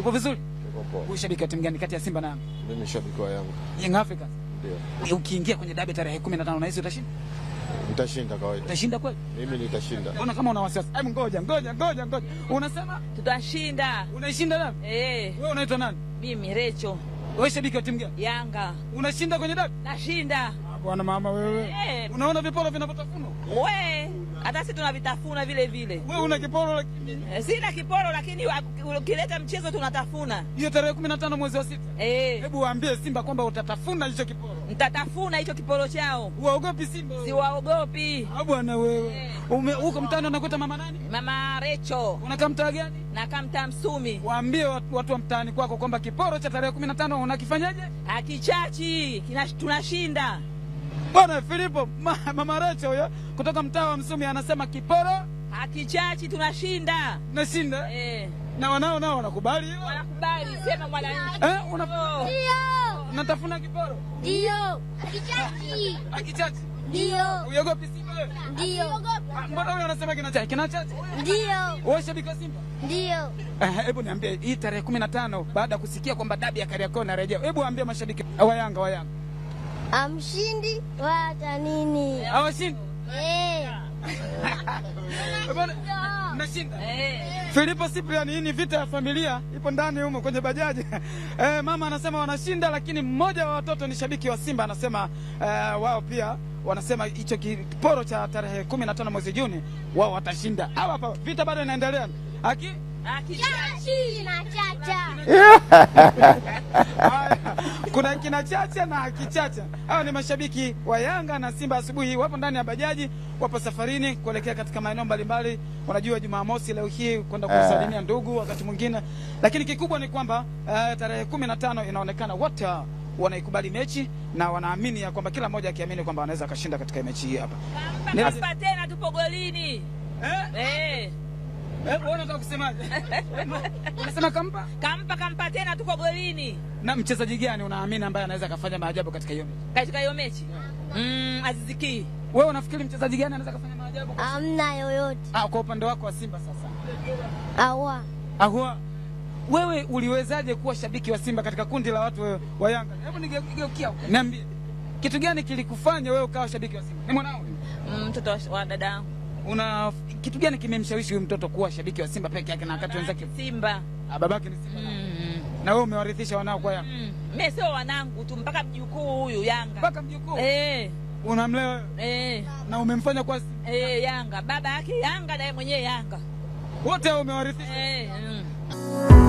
Upo vizuri? Upo. Ushabiki wa timu gani kati ya Simba na Yanga? Mimi shabiki wa Yanga. Yanga Africa. Ndio. Ukiingia kwenye dabi tarehe 15 na unahisi utashinda? Nitashinda kawaida. Utashinda kweli? Mimi nitashinda. Mbona kama una wasiwasi? Hebu ngoja, ngoja, ngoja, ngoja. Unasema tutashinda. Unaishinda nani? Eh. Wewe unaitwa nani? Mimi Recho. Wewe shabiki wa timu gani? Yanga. Unashinda kwenye dabi? Nashinda wana mama wewe. Hey. Eh. Unaona vipolo vinavyotafunwa? We, hata sisi tunavitafuna vile vile. We una kipolo lakini. Eh, sina kipolo lakini ukileta mchezo tunatafuna. Hiyo tarehe 15 mwezi wa sita. Eh. Hey. Hebu waambie Simba kwamba utatafuna hicho kipolo. Mtatafuna hicho kipolo chao. Uwaogopi Simba? Si waogopi. Ah bwana wewe. Hey. Eh. Ume, uko mtaani unakuta mama nani? Mama Recho. Unakaa mtaa gani? Nakaa mtaa Msumi. Waambie watu, watu wa mtaani kwako kwamba kiporo cha tarehe 15 unakifanyaje? Hakichachi. Tunashinda. Bwana Filipo ma, mama Recho huyo kutoka mtaa wa Msumi anasema kiporo hakichachi, tunashinda tunashinda eh. Na wanao nao wanakubali hiyo, wanakubali sema mwananchi eh, una oh. ndio natafuna kiporo ndio hakichachi, hakichachi ndio uyogopi Simba wewe ndio, ah, mbona huyo anasema kinachachi, kinachachi ndio, wewe shabiki Simba ndio. Eh, hebu niambie hii tarehe 15 baada ya kusikia kwamba dabi ya Kariakoo narejea, hebu ambie mashabiki wa Yanga wa Yanga Amshindi wata nini? Awashindi. Eh. mnashinda. Filipo Cyprian, hii ni vita ya familia ipo ndani humo kwenye bajaji. Eh, mama anasema wanashinda, lakini mmoja wa watoto ni shabiki wa Simba anasema eh, wao pia wanasema hicho kiporo cha tarehe 15 mwezi Juni wao watashinda. Hawa hapa vita bado inaendelea. Aki? Aki. Chachi na chacha. Kuna kina chacha na kichacha. Hawa ni mashabiki wa Yanga na Simba. Asubuhi wapo ndani ya bajaji, wapo safarini kuelekea katika maeneo mbalimbali. Wanajua Jumamosi leo hii kwenda eh. kusalimia ndugu, wakati mwingine. Lakini kikubwa ni kwamba uh, tarehe kumi na tano inaonekana wote wanaikubali mechi na wanaamini ya kwamba kila mmoja akiamini kwamba anaweza akashinda katika mechi hii hapa. Tena tupo golini. Eh? Eh. Eh, unataka kusemaje? Unasema kampa? Kampa kampa tena tuko golini. Na mchezaji gani unaamini ambaye anaweza kafanya maajabu katika hiyo mechi? Katika hiyo mechi? Mm, Aziz Wewe unafikiri mchezaji gani anaweza kafanya maajabu? Hamna yoyote. Ah, kwa upande wako wa Simba sasa. Awa. Awa. Wewe uliwezaje kuwa shabiki wa Simba katika kundi la watu wewe wa Yanga? Hebu nigeukia huko. Niambie. Kitu gani kilikufanya wewe ukawa shabiki wa Simba? Ni mwanao? Mm, mtoto mm, wa dada yangu. Una kitu gani kimemshawishi huyu mtoto kuwa shabiki wa Simba peke yake na wakati wenzake Simba? Ah, babake ni Simba. Mm. Na wewe umewarithisha wanao kwa Yanga? Mm. Mm-hmm. Mimi sio wanangu tu mpaka mjukuu huyu Yanga. Mpaka mjukuu? Eh. Unamlea? Eh. Na umemfanya kwa Eh, Yanga. Baba yake Yanga na yeye mwenyewe Yanga. Wote umewarithisha? Eh. Mm.